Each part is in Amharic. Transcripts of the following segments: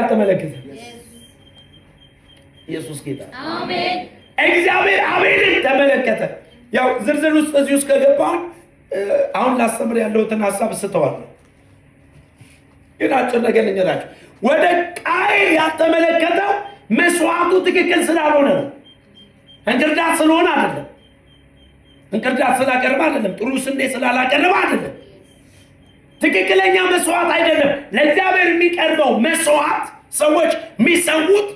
አልተመለከተም። ኢየሱስ ጌታ እግዚአብሔር አቤልን ተመለከተ። ያው ዝርዝር ውስጥ እዚህ ውስጥ ከገባን አሁን ላስተምር ያለሁትን ሀሳብ ስተዋለሁ፣ ግን አጭር ነገር ልንገራችሁ። ወደ ቃይል ያልተመለከተው መስዋዕቱ ትክክል ስላልሆነ ነው። እንክርዳት ስለሆነ አይደለም። እንቅርዳት ስላቀርብ አይደለም። ጥሩ ስንዴ ስላላቀረበ አይደለም። ትክክለኛ መስዋዕት አይደለም። ለእግዚአብሔር የሚቀርበው መስዋዕት ሰዎች የሚሰዉት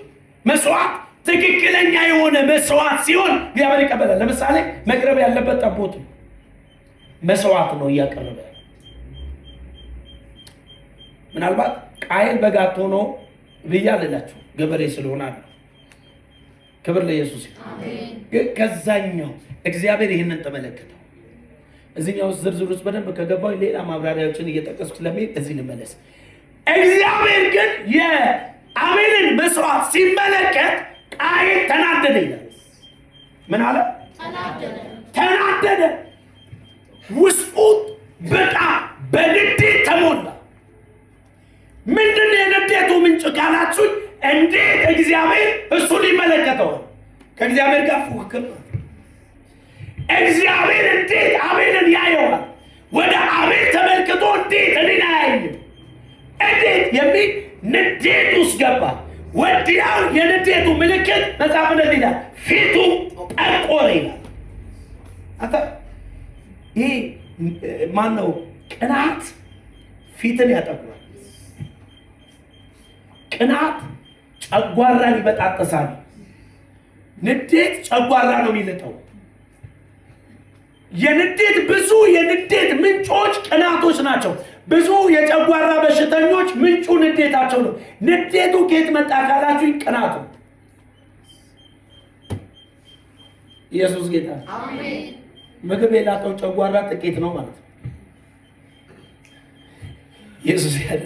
መስዋዕት ትክክለኛ የሆነ መስዋዕት ሲሆን እግዚአብሔር ይቀበላል። ለምሳሌ መቅረብ ያለበት ጠቦት መስዋዕት ነው እያቀረበ ምናልባት ቃየል በጋት ሆኖ ብያ አልላችሁ ገበሬ ስለሆነ አለ። ክብር ለኢየሱስ። ከዛኛው እግዚአብሔር ይህንን ተመለከተው። እዚህኛው ዝርዝር ውስጥ በደንብ ከገባው ሌላ ማብራሪያዎችን እየጠቀስኩ ስለሚሄድ እዚህ ልመለስ። እግዚአብሔር ግን የአቤልን መስዋዕት ሲመለከት ቃየን ተናደደ ይላል። ምን አለ? ተናደደ። ውስጡ በቃ በንዴት ተሞላ። ምንድን የንዴቱ ምንጭ ካላችሁኝ፣ እንዴት እግዚአብሔር እሱ ሊመለከተው ከእግዚአብሔር ጋር ፉክክር ነው እግዚአብሔር እንዴት አቤልን ያየዋል? ወደ አቤል ተመልክቶ እንዴት እኔን አያየኝም? እንዴት የሚል ንዴት ውስጥ ገባ። ወዲያው የንዴቱ ምልክት መጽሐፍ እንደዚህ ይላል፣ ፊቱ ጠቆረ ይላል። ይህ ማን ነው? ቅናት ፊትን ያጠቁራል። ቅናት ጨጓራን ይበጣጠሳል። ንዴት ጨጓራ ነው የሚልጠው። የንዴት ብዙ የንዴት ምንጮች ቅናቶች ናቸው። ብዙ የጨጓራ በሽተኞች ምንጩ ንዴታቸው ነው። ንዴቱ ከየት መጣ ካላችሁ ቅናቱ ኢየሱስ ጌታ ምግብ የላጠው ጨጓራ ጥቂት ነው ማለት ነው። ኢየሱስ ያለ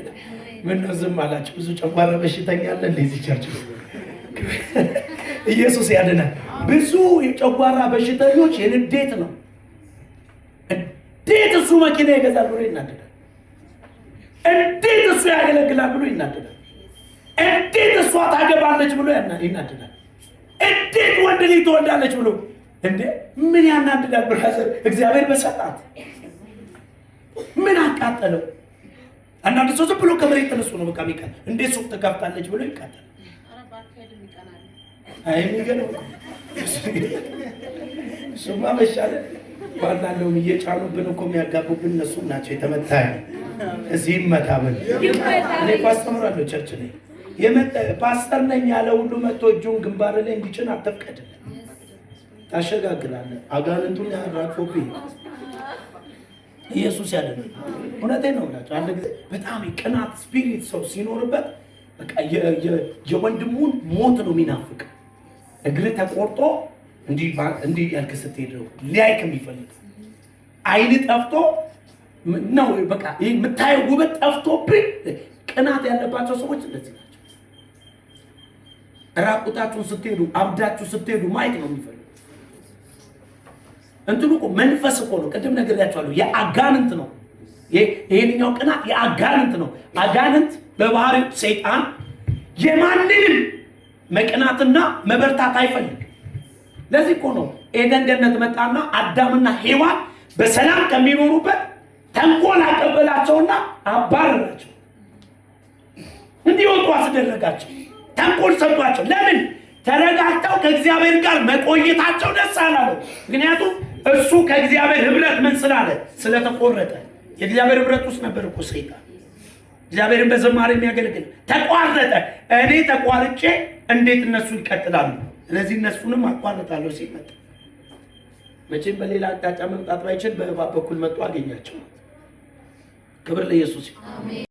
ምነው ዝም አላችሁ? ብዙ ጨጓራ በሽተኛ አለ እንደዚህ ቸርች ኢየሱስ ያድናል። ብዙ የጨጓራ በሽተኞች የንዴት ነው መኪና ይገዛል ብሎ ይናደዳል። እንዴት እሱ ያገለግላል ብሎ ይናደዳል። እንዴት እሷ ታገባለች ብሎ ይናደዳል። እንዴት ወንድ ልጅ ትወልዳለች ብሎ እንዴ ምን ያናድዳል? ብርሃዘር እግዚአብሔር በሰጣት ምን አቃጠለው? አንዳንድ ሰው ዝም ብሎ ከመሬት ተነሱ ነው በቃ ሚቀ እንዴት ሱቅ ተከፍታለች ብሎ ይቃጠል። የሚገርም መሻለ ዋላለውን እየጫኑብን እኮ የሚያጋቡብን እነሱ ናቸው። የተመታ እዚህ ይመታ እኔ እኮ አስተምራለሁ ቸርች ላይ ፓስተር ነኝ ያለ ሁሉ መጥቶ እጁን ግንባር ላይ እንዲጭን አትፍቀድም። ታሸጋግራለህ። አጋንንቱን ያራግፎብህ ኢየሱስ ያለ ነው። እውነቴን ነው ብላቸው። አንድ ጊዜ በጣም ቅናት ስፒሪት ሰው ሲኖርበት የወንድሙን ሞት ነው የሚናፍቅ እግር ተቆርጦ እንዲህ ያልክ ስትሄድ ነው ሊያይክ የሚፈልግ አይን ጠፍቶ ነው በቃ የምታየው ውበት ጠፍቶብኝ። ቅናት ያለባቸው ሰዎች እንደዚህ ናቸው። ራቁታችሁን ስትሄዱ፣ አብዳችሁ ስትሄዱ ማየት ነው የሚፈልግ። እንትኑ እኮ መንፈስ እኮ ነው። ቅድም ነግሬያቸዋለሁ። የአጋንንት ነው ይሄንኛው ቅናት፣ የአጋንንት ነው። አጋንንት በባህሪው ሰይጣን የማንንም መቅናትና መበርታት አይፈልግ ለዚህ እኮ ነው ኤደን ገነት መጣና አዳምና ሔዋን በሰላም ከሚኖሩበት ተንኮል አቀበላቸውና አባረራቸው። እንዲወጡ አስደረጋቸው። ተንኮል ሰጧቸው። ለምን? ተረጋግተው ከእግዚአብሔር ጋር መቆየታቸው ደስ አላለው። ምክንያቱም እሱ ከእግዚአብሔር ህብረት ምን ስላለ ስለተቆረጠ። የእግዚአብሔር ህብረት ውስጥ ነበር እኮ ሰይጣን። እግዚአብሔርን በዘማሪ የሚያገለግል ተቋረጠ። እኔ ተቋርጬ እንዴት እነሱ ይቀጥላሉ? ስለዚህ እነሱንም አቋርጣለሁ ሲል መጣ። መቼም በሌላ አቅጣጫ መምጣት ባይችል በእባብ በኩል መጥቶ አገኛቸው። ክብር ለኢየሱስ።